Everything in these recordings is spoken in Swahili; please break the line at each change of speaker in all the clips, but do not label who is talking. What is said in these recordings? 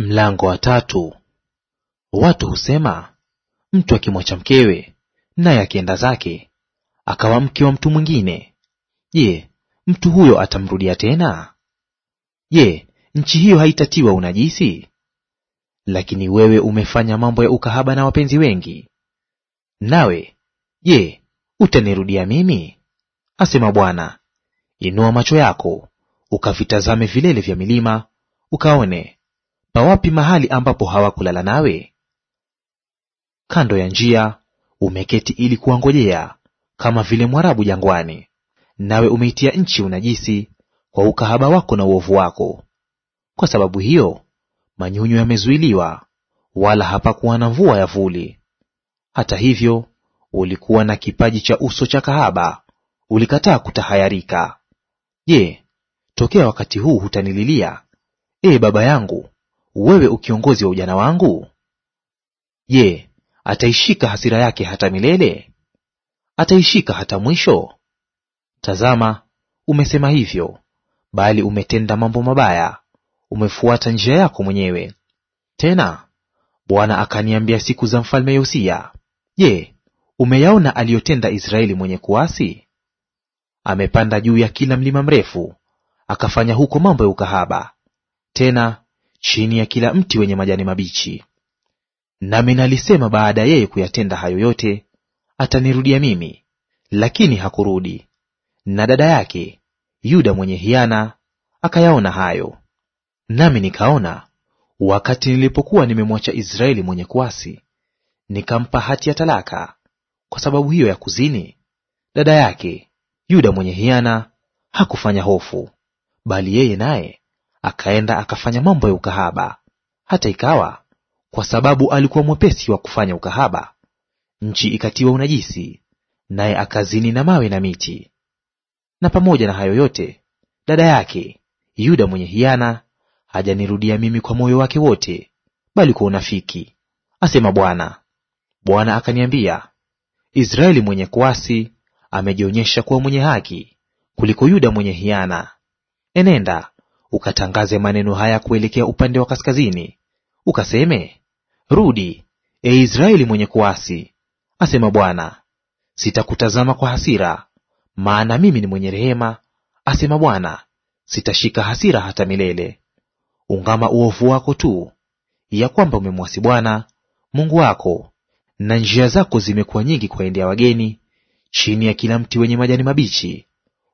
Mlango wa tatu. Watu husema mtu akimwacha mkewe, naye akienda zake akawa mke wa mtu mwingine, je, mtu huyo atamrudia tena? Je, nchi hiyo haitatiwa unajisi? Lakini wewe umefanya mambo ya ukahaba na wapenzi wengi. Nawe je, utanirudia mimi? asema Bwana. Inua macho yako ukavitazame vilele vya milima, ukaone pawapi mahali ambapo hawakulala nawe? Kando ya njia umeketi ili kuwangojea, kama vile mwarabu jangwani. Nawe umeitia nchi unajisi kwa ukahaba wako na uovu wako. Kwa sababu hiyo manyunyu yamezuiliwa, wala hapakuwa na mvua ya vuli. Hata hivyo ulikuwa na kipaji cha uso cha kahaba, ulikataa kutahayarika. Je, tokea wakati huu hutanililia, ee baba yangu, wewe ukiongozi wa ujana wangu? Je, ataishika hasira yake hata milele? Ataishika hata mwisho? Tazama, umesema hivyo, bali umetenda mambo mabaya, umefuata njia yako mwenyewe. Tena Bwana akaniambia siku za mfalme Yosia, Je, umeyaona aliyotenda Israeli mwenye kuasi? Amepanda juu ya kila mlima mrefu, akafanya huko mambo ya ukahaba, tena chini ya kila mti wenye majani mabichi. Nami nalisema baada yeye kuyatenda hayo yote, atanirudia mimi, lakini hakurudi. Na dada yake Yuda mwenye hiana akayaona hayo. Nami nikaona wakati nilipokuwa nimemwacha Israeli mwenye kuasi, nikampa hati ya talaka kwa sababu hiyo ya kuzini, dada yake Yuda mwenye hiana hakufanya hofu, bali yeye naye akaenda akafanya mambo ya ukahaba. Hata ikawa kwa sababu alikuwa mwepesi wa kufanya ukahaba, nchi ikatiwa unajisi, naye akazini na mawe na miti. Na pamoja na hayo yote, dada yake Yuda mwenye hiana hajanirudia mimi kwa moyo wake wote, bali kwa unafiki, asema Bwana. Bwana akaniambia, Israeli mwenye kuasi amejionyesha kuwa mwenye haki kuliko Yuda mwenye hiana. Enenda ukatangaze maneno haya kuelekea upande wa kaskazini, ukaseme, Rudi, e Israeli mwenye kuasi, asema Bwana. Sitakutazama kwa hasira, maana mimi ni mwenye rehema, asema Bwana. Sitashika hasira hata milele. Ungama uovu wako tu, ya kwamba umemwasi Bwana Mungu wako, na njia zako zimekuwa nyingi kuwaendea wageni chini ya kila mti wenye majani mabichi,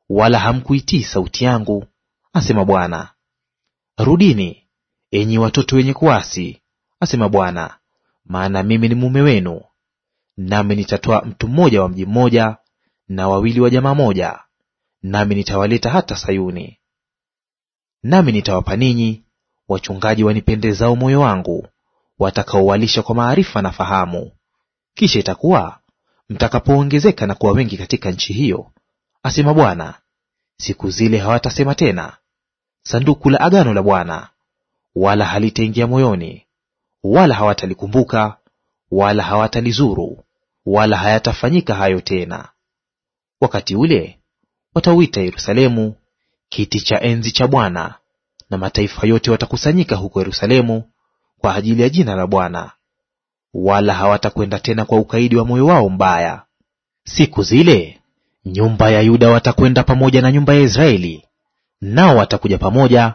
wala hamkuitii sauti yangu asema Bwana. Rudini enyi watoto wenye kuasi, asema Bwana, maana mimi ni mume wenu. Nami nitatoa mtu mmoja wa mji mmoja na wawili wa jamaa moja, nami nitawaleta hata Sayuni. Nami nitawapa ninyi wachungaji wanipendezao moyo wangu, watakaowalisha kwa maarifa na fahamu. Kisha itakuwa mtakapoongezeka na kuwa wengi katika nchi hiyo, asema Bwana, siku zile hawatasema tena sanduku la agano la Bwana, wala halitaingia moyoni, wala hawatalikumbuka, wala hawatalizuru, wala hayatafanyika hayo tena. Wakati ule watauita Yerusalemu kiti cha enzi cha Bwana, na mataifa yote watakusanyika huko Yerusalemu kwa ajili ya jina la Bwana. Wala hawatakwenda tena kwa ukaidi wa moyo wao mbaya. Siku zile nyumba ya Yuda watakwenda pamoja na nyumba ya Israeli nao watakuja pamoja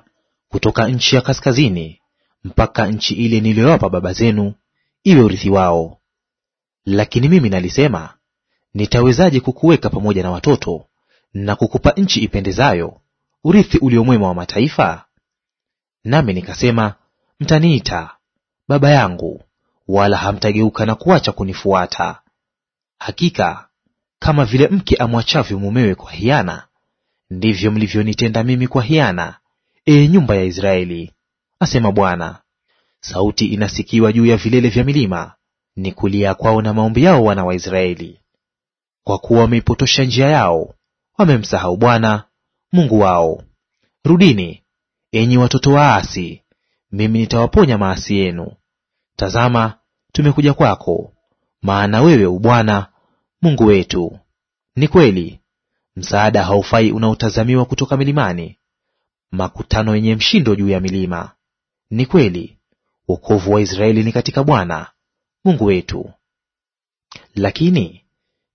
kutoka nchi ya kaskazini mpaka nchi ile niliyowapa baba zenu iwe urithi wao. Lakini mimi nalisema, nitawezaje kukuweka pamoja na watoto na kukupa nchi ipendezayo, urithi uliomwema wa mataifa? Nami nikasema, mtaniita baba yangu, wala hamtageuka na kuacha kunifuata. Hakika kama vile mke amwachavyo mumewe kwa hiana, ndivyo mlivyonitenda mimi kwa hiana, ee nyumba ya Israeli, asema Bwana. Sauti inasikiwa juu ya vilele vya milima, ni kulia kwao na maombi yao wana wa Israeli, kwa kuwa wameipotosha njia yao, wamemsahau Bwana Mungu wao. Rudini enyi watoto waasi, mimi nitawaponya maasi yenu. Tazama, tumekuja kwako, maana wewe u Bwana Mungu wetu. Ni kweli Msaada haufai unaotazamiwa kutoka milimani, makutano yenye mshindo juu ya milima. Ni kweli wokovu wa Israeli ni katika Bwana Mungu wetu. Lakini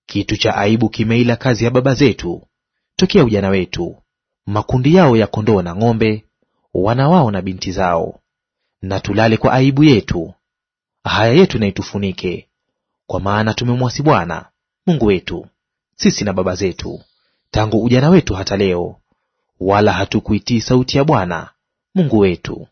kitu cha aibu kimeila kazi ya baba zetu tokea ujana wetu, makundi yao ya kondoo na ng'ombe, wana wao na binti zao. Na tulale kwa aibu yetu, haya yetu na itufunike, kwa maana tumemwasi Bwana Mungu wetu sisi na baba zetu tangu ujana wetu hata leo, wala hatukuitii sauti ya Bwana Mungu wetu.